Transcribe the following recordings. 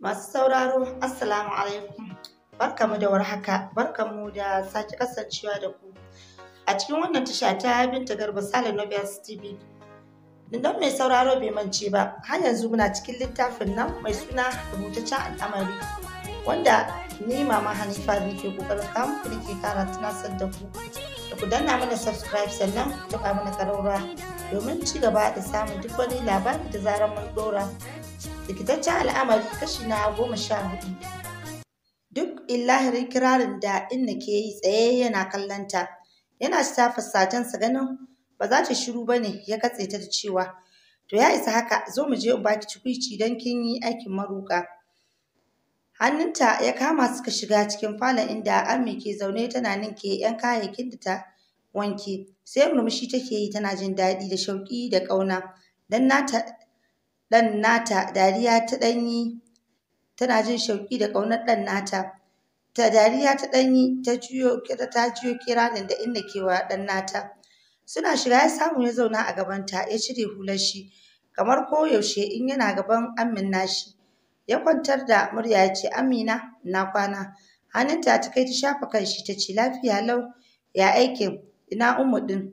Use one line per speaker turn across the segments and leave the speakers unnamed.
Masu sauraro, Assalamu alaikum. Barkamu da warhaka, mu da sake kasancewa da ku. A cikin wannan tasha ta Binta Garba Sale Novias TV. Don mai sauraro bai mance ba, har yanzu muna cikin littafin nan mai suna rubutaccen al'amari. Wanda ni mama Hanifa ne ke kokarin kamun ke kara tunasar da ku. Da ku danna mana subscribe sannan ku taɓa mana karaura domin ci gaba da samun duk wani labari da zarar mun ɗora. rikitaccen al'amari kashi na goma sha hudu duk illahirin kirarin da inna ke yi tsaye yana kallanta yana ta fasatansa ganin ba za ta shiru ba ne ya katse ta da cewa to ya isa haka zo mu je baki cikuici don kin yi aikin maruka hannunta ya kama suka shiga cikin falon inda ami ke zaune tana ninke yan kayayyakin da ta wanke sai murmushi take yi tana jin daɗi da shauƙi da ƙauna don nata ɗan nata dariya ta ɗanyi tana jin shauƙi da ƙaunar ɗan nata ta dariya ta ɗanyi ta juyo ta juyo kiranin da inna kewa ɗan nata suna shiga ya samu ya zauna a gabanta ya cire hular shi kamar ko yaushe in yana gaban amin nashi ya kwantar da murya ya ce amina na kwana hannunta ta kai ta shafa kan shi ta ce lafiya lau ya aikin ina umu ɗin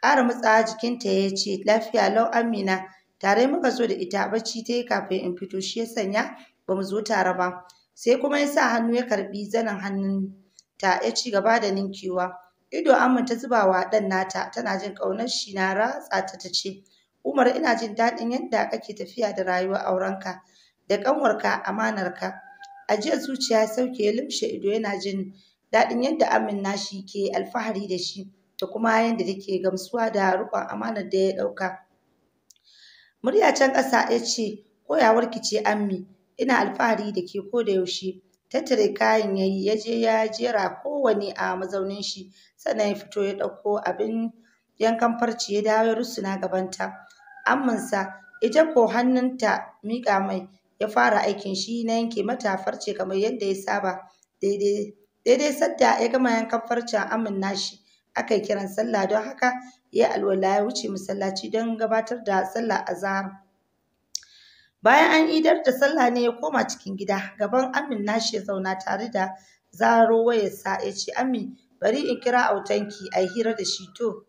ƙara matsawa jikinta ya ce lafiya lau amina tare muka zo da ita bacci ta yi kafin in fito shi ya sanya ba mu zo tare ba sai kuma ya sa hannu ya karbi zanin hannun ta ya ci gaba da ninkewa ido amma ta zuba wa ɗan nata tana jin ƙaunar shi na ratsa ta ta ce umar ina jin daɗin yadda kake tafiya da rayuwar aurenka da ƙanwarka amanarka a jiya zuciya sauke ya limshe ido yana jin daɗin yadda amin nashi ke alfahari da shi da kuma yadda take gamsuwa da rukun amanar da ya ɗauka Murya can ƙasa ya ce, koyawarki ce ammi, ina alfahari da ke ko da yaushe. Tattare kayan ya yi, ya je ya jera kowane a mazaunin shi sannan ya fito ya ɗauko abin yankan farce ya dawo ya rusuna gabanta. Amminsa ita ko hannunta miƙa mai ya fara aikin shi na yanke mata farce kamar yadda ya saba daidai daidai sadda ya gama yankan farcen amin nashi aka yi kiran sallah don haka ya alwala ya wuce masallaci don gabatar da sallah azhar bayan an idar da sallah ne ya koma cikin gida gaban amin nashi ya zauna tare da zaro wayarsa ya ce amin bari in kira autanki a hira da shi to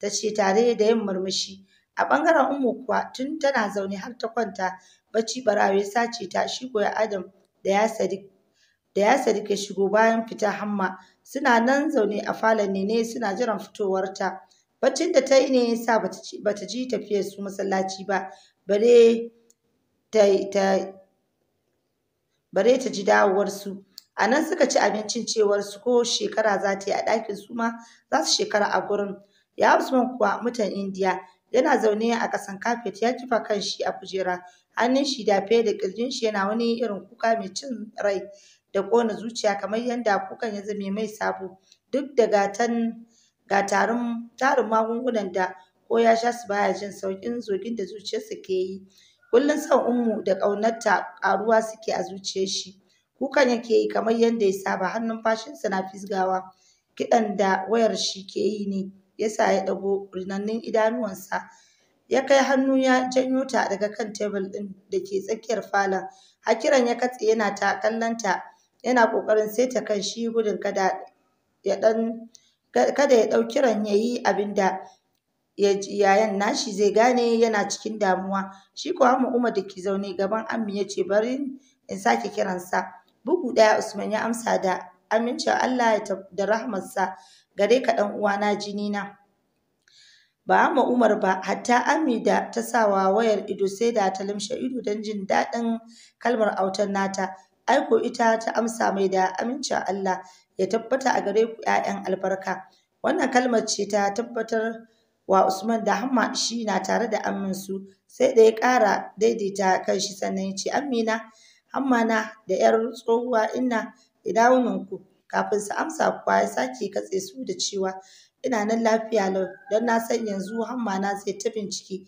ta ce tare da yin murmushi a ɓangaren umu kuwa tun tana zaune har ta kwanta bacci barawe ya sace ta shi goya adam da ya sadik da ya sadik ya shigo bayan fita hamma suna nan zaune a falon ne ne suna jiran fitowarta baccin da ta yi ne ya sa ba ta ji tafiyar su masallaci ba bare ta ji dawowar su a nan suka ci abincin cewar su ko shekara za ta yi a ɗakin su ma za su shekara a gurin ya usman kuwa mutan indiya yana zaune a ƙasan kafet ya kifa kan shi a kujera hannun shi da fe da ƙirjin shi yana wani irin kuka mai cin rai da ƙona zuciya kamar yadda kukan ya zame mai sabo duk da gatan ga tarin tarin magungunan da ko ya sha su baya jin sauƙin zogin da zuciyarsa ke yi kullum son ummu da ƙaunarta ƙaruwa suke a zuciyar shi kukan yake yi kamar yadda ya saba hannun fashinsa na fisgawa kiɗan da wayar shi ke yi ne yasa ya ɗago rinannun idanuwansa ya kai hannu ya janyo ta daga kan tebul ɗin da ke tsakiyar falon hakiran ya katse yana ta kallonta yana ƙoƙarin saita kan shi gudun kada ya ɗan kada ya ɗauki ran ya yi abin da yayan nashi zai gane yana cikin damuwa shi kuwa amma umar da ke zaune gaban ammi ya ce bari in sake kiransa bugu ɗaya usman ya amsa da amincin allah da rahmarsa gare ka ɗan uwana jini na ba ma umar ba hatta ami da ta sawa wayar ido sai da ta limshe ido don jin daɗin kalmar autar nata aiko ita ta amsa mai da amincin allah ya tabbata a gare ku ‘ya'yan albarka. Wannan kalmar ce ta tabbatar wa Usman da Hamma shi na tare da aminsu sai da ya ƙara daidaita shi, sannan ya ce Amina Hamma na da ‘yar tsohuwa ina ku kafin su amsa kuwa ya sake katse su da cewa ina nan lafiya lau don na san yanzu Hamma na zai ta bincike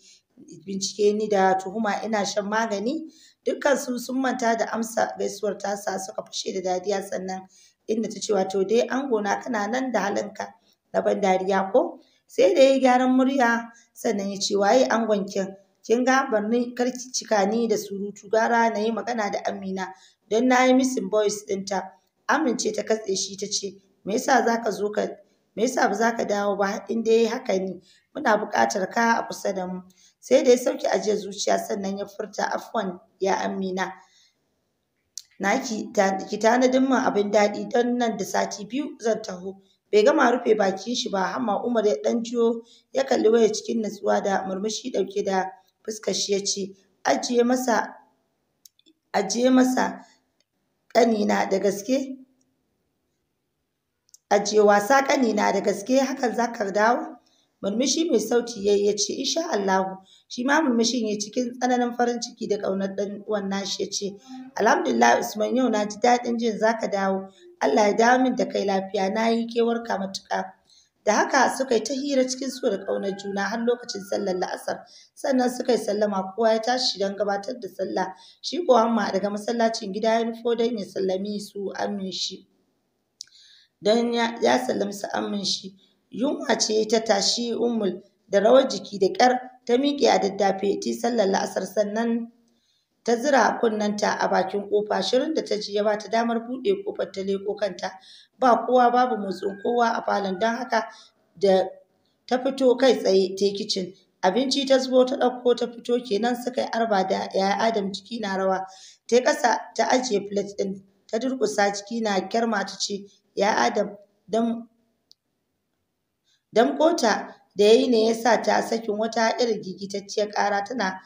bincike ni da tuhuma ina shan magani dukkan su sun manta da amsa gaisuwar tasa suka fashe da dariya sannan inda ta ce wato dai na kana nan da halinka na ban dariya ko sai da ya gyaran murya sannan ya ce waye angon kin kin ga barni karki cika ni da surutu gara na yi magana da amina don na yi misin boys ɗinta amince ta katse shi ta ce me yasa zaka zo ka me yasa ba za ka dawo ba in dai haka ne muna buƙatar ka a kusa da mu sai da ya sauke ajiyar zuciya sannan ya furta afwan ya amina na ki tanadin min abin daɗi don nan da sati biyu zan taho bai gama rufe bakin shi ba hamma umar ya ɗan jiyo ya kalli waya cikin natsuwa da murmushi ɗauke da fuskar shi ya ce ajiye masa ajiye masa ƙanina da gaske ajiye wasa ƙanina da gaske hakan za ka dawo murmushi mai sauti yayi ya ce insha Allahu shi ma murmushin ya cikin tsananin farin ciki da ƙaunar ɗan uwan nashi ya ce alhamdulillah Usman yau na ji daɗin jin zaka dawo Allah ya dawo min da kai lafiya nayi kewar kewarka matuka da haka suka yi ta hira cikin suwar da ƙaunar juna har lokacin sallar la'asar sannan suka yi sallama kowa ya tashi don gabatar da sallah shi ko amma daga masallacin gida ya nufo don ya sallami su amin shi don ya sallami su amin shi yunwa ce ta tashi umul da rawar jiki da ƙyar ta miƙe a daddafe ta sallar la'asar sannan ta zira kunnanta a bakin kofa shirin da ta ji ya ba ta damar buɗe kofar ta leko kanta ba kowa babu motsin kowa a falon don haka da ta fito kai tsaye ta kicin abinci ta zubo ta ɗauko ta fito kenan suka yi arba da yaya adam jiki na rawa ta ƙasa ta ajiye plate ɗin ta durƙusa jiki na kyar ta ce ya adam don. kota da ya yi ne ya sa ta sakin wata irin gigitacciyar ƙara tana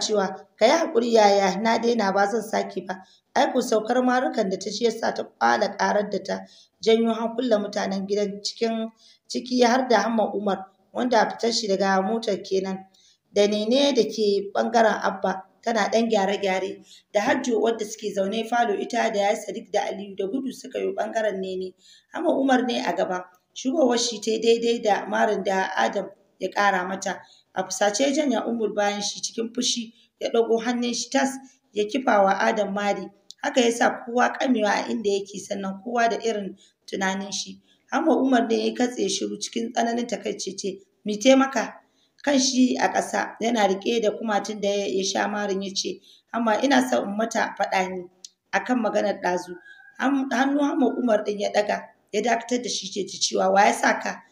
cewa ka yi haƙuri yaya na daina ba zan sake ba ai saukar marukan da ta shi sa ta kwala ƙarar da ta janyo hankulan mutanen gidan cikin ciki har da hamma umar wanda fitar shi daga motar kenan da nene da ke bangaren abba tana ɗan gyare-gyare da Hajji, wadda suke zaune falo ita da ya sadiq da aliyu da gudu suka yi bangaren nene hamma umar ne a gaba Shigowar shi ta daidai da marin da Adam ya ƙara mata. A fusace janya Umar bayan shi cikin fushi ya ɗago hannun shi tas ya kifawa Adam mari. Haka ya sa kowa kamewa a inda yake sannan kowa da irin tunanin shi. Amma Umar ne ya katse shiru cikin tsananin takaici ce, "Mi taimaka?" Kan shi a ƙasa yana riƙe da kumatun da ya sha marin ya ce, "Amma ina son in mata faɗa ni akan maganar ɗazu." Hannu Hamma Umar ɗin ya ɗaga ya dakatar da shi ke cewa wa ya sa ka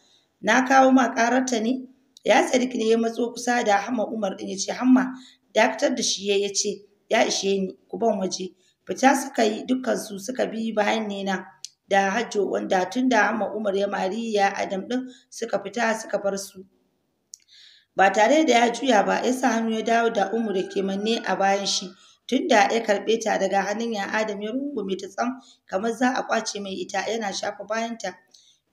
na kawo ma ƙararta ne ya sadik ne ya matso kusa da hamma umar din ya ce hamma dakatar da shi ya ce ya ishe ni ku ban waje fita suka yi dukkansu su suka bi bayan nena da hajjo wanda tun da hamma umar ya mari mariya adam din suka fita suka bar su ba tare da ya juya ba ya sa hannu ya dawo da umu da ke manne a bayan shi tunda ya karɓe ta daga hannun ya Adam ya rungume ta tsam kamar za a kwace mai ita yana shafa bayanta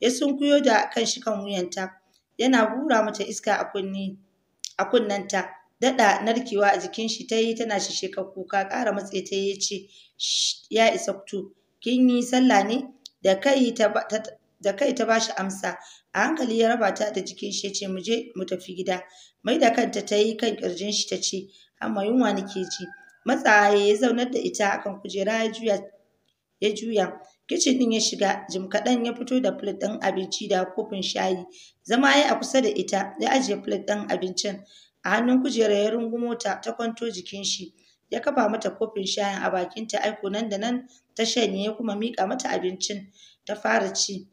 ya sunkuyo da kan shi kan wuyanta yana hura mata iska a kunni a kunnanta daɗa narkewa a jikin shi ta yi tana shisheka kuka ƙara matse ta ya ce ya isa fito kin yi sallah ne da kai ta da kai ta bashi amsa a hankali ya raba ta da jikin shi ya ce mu je mu tafi gida mai da kanta ta yi kan kirjin shi ta ce amma yunwa nake ji matsaye ya zaunar da ita akan kujera ya juya kicin din ya shiga jim kaɗan ya fito da plate ɗin abinci da kofin shayi zama ya a kusa da ita ya ajiye plate ɗin abincin a hannun kujera ya rungumo ta ta kwanto jikin shi ya kafa mata kofin shayin a bakin ta aiko nan da nan ta shanye ya kuma miƙa mata abincin ta fara ci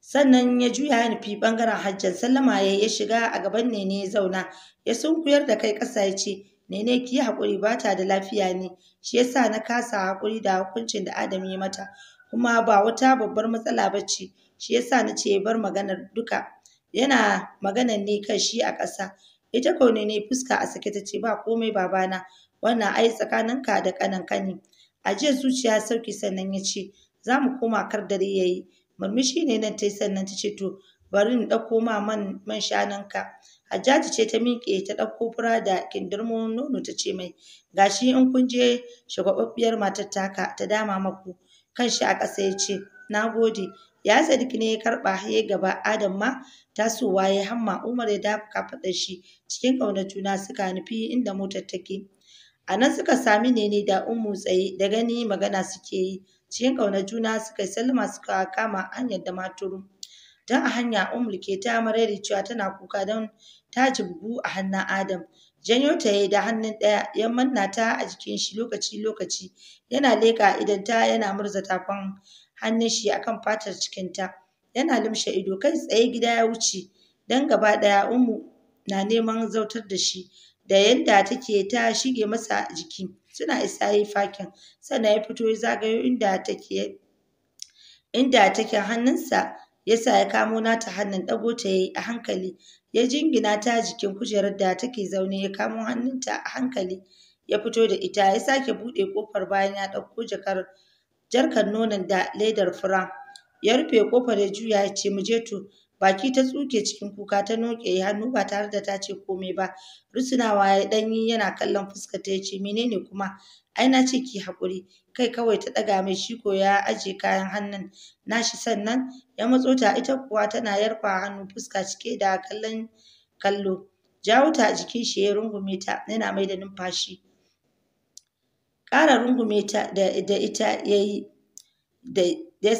sannan ya juya ya nufi ɓangaren hajjan sallama ya ya shiga a gaban ne ya zauna ya sunkuyar da kai ƙasa ya ce Nene ki yi haƙuri ba ta da lafiya ne shi yasa na kasa haƙuri da hukuncin da Adam ya mata kuma ba wata babbar matsala ba ce shi yasa na ce bar maganar duka yana maganar ne kan shi a ƙasa ita ko ne fuska a sake ta ce ba komai babana wannan ai tsakaninka da ƙananka ne a jiya zuciya sauki sannan ya ce za mu koma kar dare ya yi murmushi ne nan ta yi sannan ta ce to bari in ɗauko ma man, man shanunka Hajjaji ce ta miƙe ta ɗauko fura da kindirmon nono ta ce mai gashi in kun je shagwababbiyar matar taka ta dama maku kanshi a ƙasa ya ce na gode ya sadiq ne ya karɓa ya gaba adam ma tasowa ya hamma umar ya dafa faɗa shi cikin ƙaunar juna suka nufi inda motar take a nan suka sami nene da ummu tsaye da gani magana suke yi cikin ƙaunar juna suka yi sallama suka kama hanyar da maturu don a hanya umul ke ta marari cewa tana kuka don ta bugu a hannun adam janyo ta yi da hannun ɗaya ya manna ta a jikin shi lokaci lokaci yana leƙa idan ta yana murza tafin hannun shi akan fatar cikin ta yana limshe ido kai tsaye gida ya wuce Don gaba ɗaya umu na neman zautar da shi da yadda take ta shige masa jiki suna isa yayi fakin sannan ya fito ya zagayo inda take inda take hannunsa yasa ya kamo nata hannun ɗago ta yayi a hankali ya jingina ta jikin kujerar da take zaune ya kamo hannunta a hankali ya fito da ita ya sake buɗe kofar bayan ya ɗauko jakar jarkar nonon da ledar fura ya rufe kofar ya juya ya ce mu to baki ta tsuke cikin kuka ta noke hannu ba tare da ta ce komai ba rusunawa ya ɗanyi yana kallon fuskar ta yace menene kuma ai na ce ki haƙuri kai kawai ta ɗaga mai shi ko ya aje kayan hannun nashi sannan ya matso ta ita kuwa tana yarfa hannu fuska cike da kallon kallo jawo ta a jikin shi ya rungume ta yana mai da numfashi ƙara rungume ta da ita ya yi da ya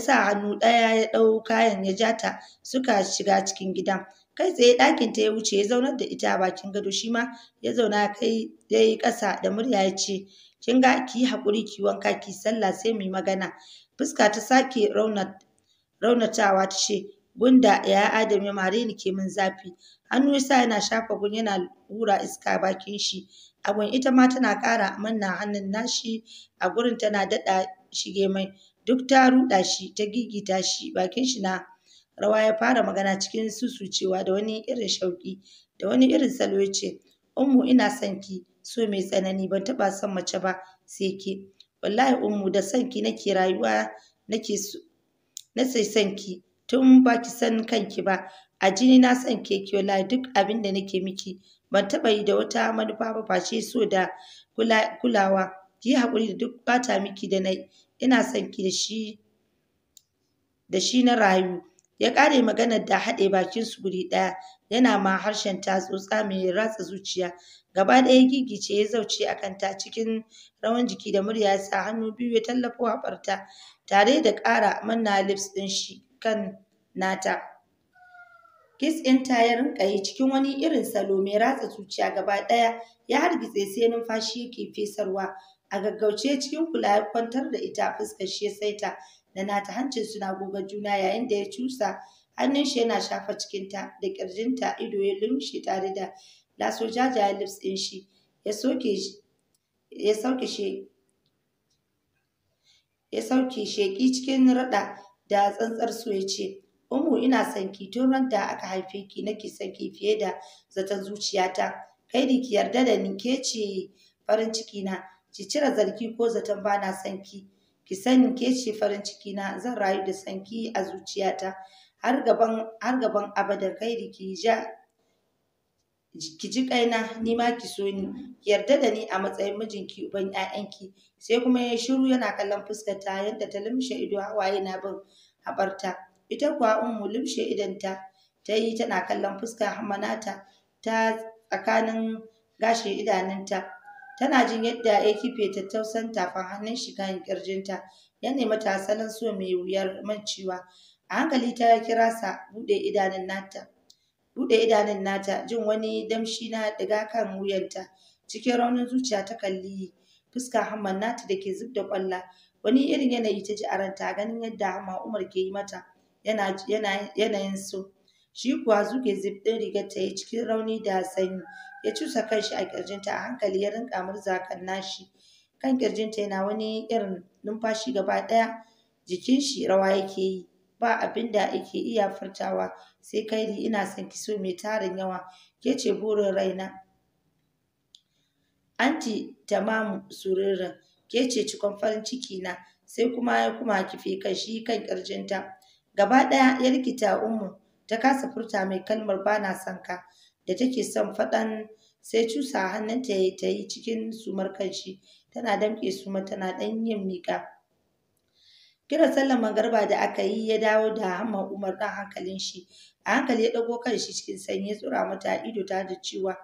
sa hannu ɗaya ya ɗau kayan ya ja ta suka shiga cikin gidan kai tsaye ɗakin ta ya wuce ya zaunar da ita a bakin gado shi ma ya zauna kai ya yi ƙasa da murya ya ce kin ga ki yi haƙuri ki wanka ki sallah sai mu yi magana fuska ta sake raunatawa ta ce gunda ya adam ya mare ni ke min zafi hannu yasa yana shafa gun yana hura iska bakin shi agun ita ma tana ƙara manna hannun nashi a gurin tana daɗa shige mai duk ta ruɗa shi ta gigita shi bakin shi na Rawa ya fara magana cikin susucewa da wani irin shauƙi da wani irin salo ya ce, Ummu ina son ki so mai tsanani ban taɓa son mace ba sai ki. Wallahi Ummu da son ki nake rayuwa nake na sai son ki tun ba ki san kanki ba a jini na son ke ki wallahi duk abin da nake miki ban taɓa yi da wata manufa ba face so da kulawa ki yi haƙuri da duk bata miki da nai. ina son ki da shi da shi na rayu ya ƙare maganar da haɗe bakin su guri ɗaya yana ma harshen ta mai ratsa zuciya gaba ɗaya gigice ya zauce a kanta cikin rawan jiki da murya sa hannu biyu ya tallafo haɓarta tare da ƙara manna lips ɗin shi kan nata kis ɗin ta ya rinƙa cikin wani irin salo mai ratsa zuciya gaba ɗaya ya hargitse sai numfashi yake fesarwa a gaggauce cikin kula ya kwantar da ita fuskar shi ya saita da nata hancin suna gogar juna yayin da ya cusa hannun shi yana shafa cikinta da ƙirjinta ido ya lumshe tare da laso jajayen lips ɗin shi ya sauke shi ya sauke sheƙi cikin raɗa da tsantsar su ya ce umu ina son ki tun ran aka haife ki nake son ki fiye da zaton zuciyata kai da ki yarda da ni ke ce farin ciki na ki cire zargi ko zaton bana son ki sani ke ce farin ciki na zan rayu da sanki a zuciyata har gaban har gaban abada kairi ki ja ki ji kaina ni ma ki so ni ki yarda da ni a matsayin mijinki uban ƴaƴanki sai kuma ya shiru yana kallon fuskar ta yadda ta limshe ido hawaye na bin haɓarta ita kuwa ummu limshe idonta ta yi tana kallon fuskar hamanata ta tsakanin gashin idanunta tana jin yadda ya kife tattausan tafan hannun shi kan kirjinta ya nemi ta salon so mai wuyar mancewa a hankali ta kira sa bude idanun nata bude idanun nata jin wani damshi na daga kan wuyanta cikin raunin zuciya ta kalli Fuska, hamman nata da ke zub da kwalla wani irin yanayi ta ji a ranta ganin yadda hamma umar ke yi mata yanayin so shi kuwa zuke zub ɗin rigar ta yi cikin rauni da sanyi ya cusa shi a kirjinta a hankali ya rinka murza kan nashi kan kirjinta yana wani irin numfashi gaba ɗaya jikin shi rawa yake yi ba abin da yake iya furtawa sai kai kairi ina son ki so mai tarin yawa ke ce burin raina anti tamamu surirrin ke ce cikon farin ciki na sai kuma ya kuma kife kan shi kan kirjinta gaba ɗaya ya rikita ummu ta kasa furta mai kalmar bana son ka da take son faɗan sai cusa hannunta ya ta yi cikin sumar kanshi tana damƙe suma tana ɗan yin miƙa kira sallar magarba da aka yi ya dawo da hamma umar ɗan hankalin shi a hankali ya ɗago kanshi cikin sanyi ya tsura mata ido ta da cewa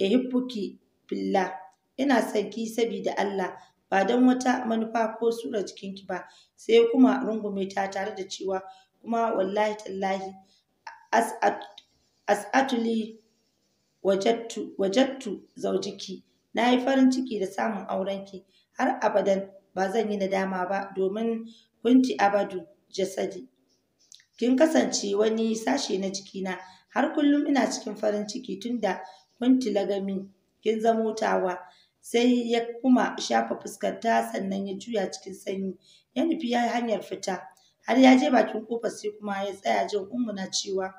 ehibbuki billah ina son ki sabida Allah ba don wata manufa ko sura jikinki ba sai kuma rungume ta tare da cewa kuma wallahi tallahi as'atuli wajattu wajattu zaujiki nayi farin ciki da samun aurenki har abadan ba zan yi nadama ba domin kunti abadu jasadi kin kasance wani sashe na jikina har kullum ina cikin farin ciki tunda kunti lagami kin zamo tawa sai ya kuma shafa fuskarta sannan ya juya cikin sanyi ya nufi ya hanyar fita har ya je bakin kofar sai kuma ya tsaya jin ummuna cewa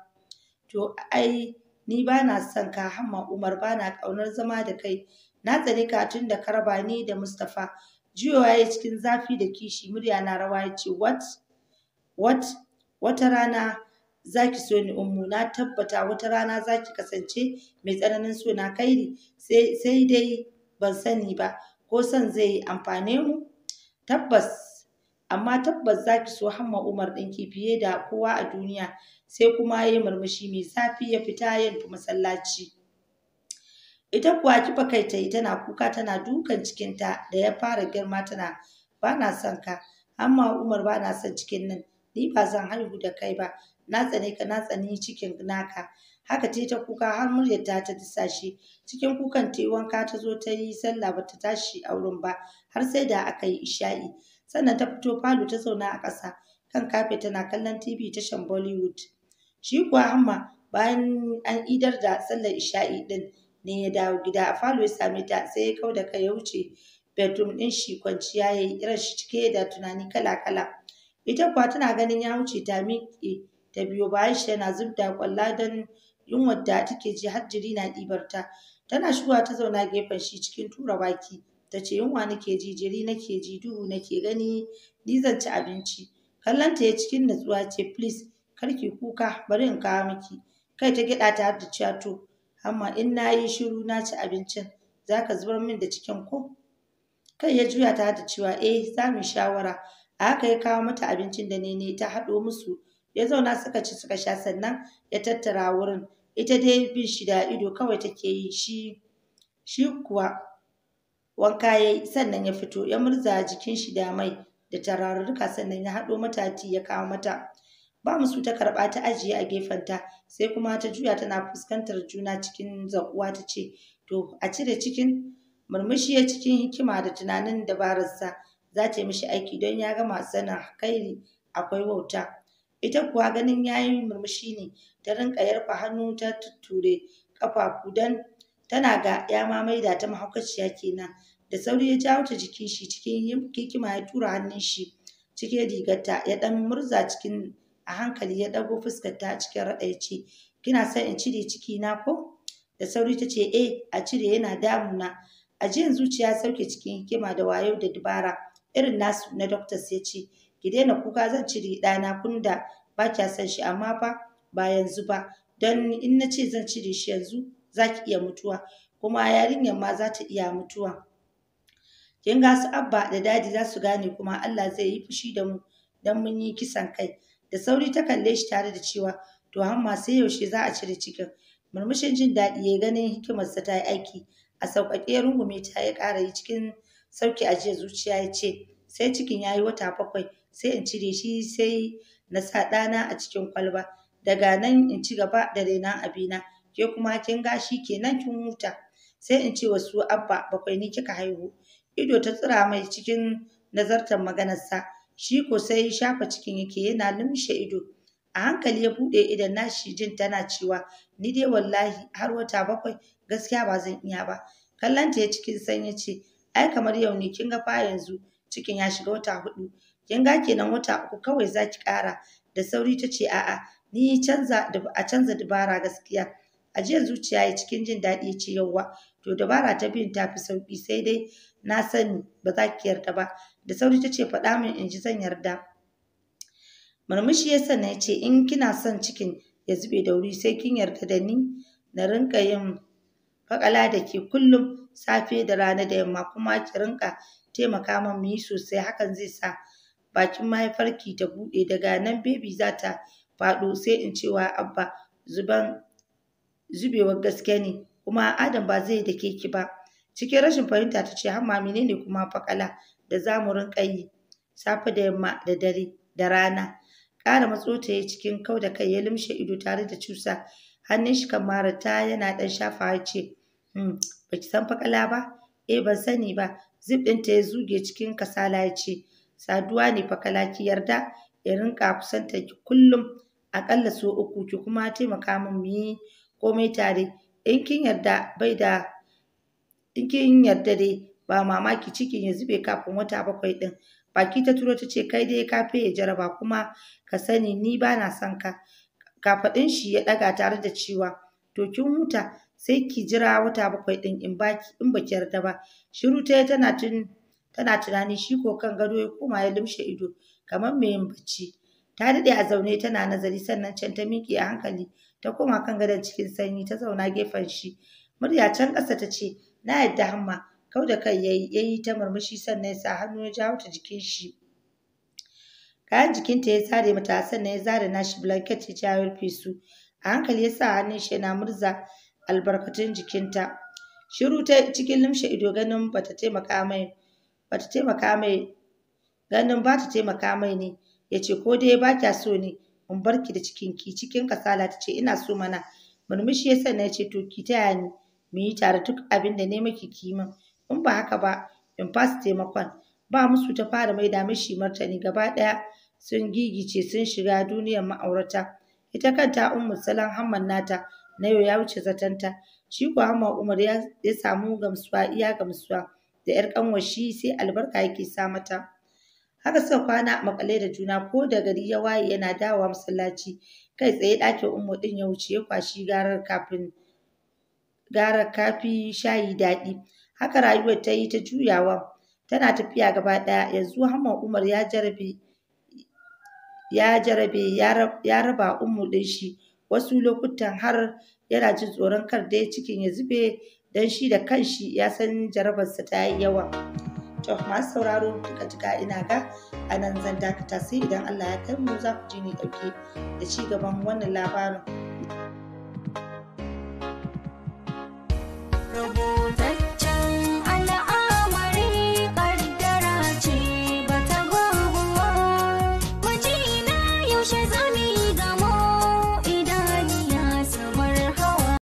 to ai ni ba na son ka hamma Umar ba na ƙaunar zama da kai na tsare ka tun da karaba ni da Mustapha jiyo ya yi cikin zafi da kishi murya na rawa ya ce what wata rana za ki so ni ummu na tabbata wata rana za ki kasance mai tsananin so na kairi sai dai ban sani ba ko son zai amfane mu tabbas amma tabbas za ki so hamma Umar ki fiye da kowa a duniya sai kuma ya yi murmushi mai zafi ya fita ya nufi masallaci. Ita kuwa kifa kai ta yi tana kuka tana dukan cikinta da ya fara girma tana ba na son ka amma Umar ba na son cikin nan ni ba zan haihu da kai ba na tsane ka na tsani cikin naka haka te ta kuka har murya ta ta disashe cikin kukan ta wanka ta zo ta yi sallah ba ta tashi a wurin ba har sai da aka yi isha'i sannan ta fito falo ta zauna a ƙasa kan kafe tana kallon tv tashan bollywood shi kuwa hamma bayan an idar da sallar isha'i din ne ya dawo gida a falo ya same ta sai ya kau da kai ya wuce bedroom din shi kwanciya ya yi irin shi cike da tunani kala kala ita kuwa tana ganin ya wuce ta miƙe ta biyo bayan shi yana zub da kwalla don yunwar da take ji har jiri na ɗibar ta tana shigowa ta zauna gefen shi cikin tura baki ta ce yunwa nake ji jiri nake ji duhu nake gani ni zan ci abinci kallanta ya cikin natsuwa ce please karki kuka bari in kawo miki kai ta gida ta har da cewa to amma in na yi shiru na ci abincin za ka zubar min da cikin ko kai ya juya ta da cewa eh za mu shawara a haka ya kawo mata abincin da nene ta haɗo musu ya zauna suka ci suka sha sannan ya tattara wurin ita dai bin shi da ido kawai take yi shi shi kuwa wanka ya yi sannan ya fito ya murza jikin shi da mai da tararruka sannan ya haɗo matati ya kawo mata ba musu ta karɓa ta ajiye a gefenta sai kuma ta juya tana fuskantar juna cikin zaƙuwa ta ce to a cire cikin murmushi ya cikin hikima da tunanin dabararsa za ta yi mishi aiki don ya gama sana kairi akwai wauta ita kuwa ganin ya yi murmushi ne ta rinka yarfa hannu ta tutture kafafu don tana ga ya ma maida ta mahaukaciya kenan da sauri ya jawo ta jikin shi cikin hikima ya tura hannun shi cikin rigarta ya dan murza cikin a hankali ya dago fuskar ta cikin ya ce kina son in cire ciki na ko da sauri ta ce eh a cire yana damuna ajiyan zuciya sauke cikin hikima da wayo da dubara irin nasu na doctors ya ce ki daina kuka zan cire ɗana kunda ba kya son shi amma fa ba yanzu ba don in na ce zan cire shi yanzu zaki iya mutuwa kuma yarinyar ma za ta iya mutuwa kin ga su abba da dadi za su gane kuma Allah zai yi fushi da mu dan mun yi kisan kai da sauri ta kalle shi tare da cewa to hamma sai yaushe za a cire cikin murmushin jin daɗi ya ganin sa ta yi aiki a sauƙaƙe rungume ta ya ƙara yi cikin sauki ajiya zuciya ya ce sai cikin ya yi wata bakwai sai in cire shi sai na sa ɗana a cikin kwalba daga nan in ci gaba da renon abina ke kuma kin ga shi kenan kin huta sai in ce wasu abba bakwai ni kika haihu ido ta tsira mai cikin nazartar maganarsa shi ko sai shafa cikin yake yana lumshe ido a hankali ya buɗe idan nashi jin tana cewa ni dai wallahi har wata bakwai gaskiya ba zan iya ba ta ya cikin sanyi ce ai kamar yau ne kin ga fa yanzu cikin ya shiga wata hudu kin ga kenan wata uku kawai zaki ƙara da sauri ta ce a'a ni canza a canza dubara gaskiya ajiyar zuciya ya cikin jin daɗi yace ce yauwa to dabara ta bin ta fi sauƙi sai dai na sani ba za ki yarda ba da sauri ta ce faɗa min in ji zan yarda murmushi ya sanna ya ce in kina son cikin ya zube da wuri sai kin yarda da ni na rinka yin fakala da ke kullum safe da rana da yamma kuma ki rinka taimaka min mu yi sosai hakan zai sa bakin mahaifarki ta buɗe daga nan bebi za ta faɗo sai in cewa abba zuban zubewar gaske ne kuma Adam ba zai dake ki ba cikin rashin fahimta ta ce hamma menene kuma fakala da za mu rinƙa yi safe da yamma da dare da rana ƙara matso ta yi cikin kau da kai ya limshe ido tare da cusa hannun shi kamar ta yana ɗan shafa ya ce hmm, ba ki san fakala ba eh ban sani ba zip ɗinta ya zuge cikin kasala ya ce saduwa ne fakala ki yarda ya rinka kusantar ki kullum aƙalla so uku ki kuma taimaka min mu yi komai tare in kin yarda bai da in kin yarda dai ba mamaki cikin ya zube kafin wata bakwai din baki ta turo ta ce kai dai ka ya jaraba kuma ka sani ni ba na son ka Kafadin shi ya daga tare da cewa to kin huta sai ki jira wata bakwai din in baki in baki yarda ba shiru ta tana tun tana tunani shi ko kan gado ya koma ya lumshe ido kamar mai yin bacci ta daɗe a zaune tana nazari sannan can ta miƙe a hankali ta koma kan gadon cikin sanyi ta zauna gefen shi murya can ƙasa ta ce na yadda hamma kau da kai ya yi ta murmushi sannan ya sa hannu ya jawo ta jikin shi kayan jikinta ya sare mata sannan ya zare nashi blanket ya ja rufe su a hankali ya sa hannun shi yana murza albarkatun jikinta shiru ta cikin limshe ido ganin bata taimaka mai bata taimaka mai ganin bata taimaka mai ne yace ko dai ba kya so ne in bar ki da cikin ki cikin kasala ta ce ina so mana murmushi ya sanya ce to ki taya ni mu yi tare duk abin da ne maki kiman in ba haka ba in fasa taimakon ba musu ta fara mai da mishi martani gaba ɗaya sun gigice sun shiga duniyar ma'aurata ita kanta ummu salan hamman nata na yau ya wuce zatanta shi ko hamman umar ya samu gamsuwa iya gamsuwa da yar kanwar shi sai albarka yake sa mata Haka suka kwana makale da juna ko da gari ya waye yana dawowa masallaci kai tsaye ɗakin ummu ɗin ya wuce ya kwashi garar kafin garar kafi shayi daɗi. Haka rayuwar ta yi ta juyawa tana tafiya gaba ɗaya yanzu Hamman Umar ya jarabe ya jarabe ya raba ummu ɗin shi wasu lokutan har yana jin tsoron kar dai cikin ya zube don shi da kanshi ya san jarabarsa ta yi yawa. to masu sauraro duka duka ina ga a nan zan dakata sai idan Allah ya kai mu za ku ji ni dauke da ci gaban wannan labarin. Rubuta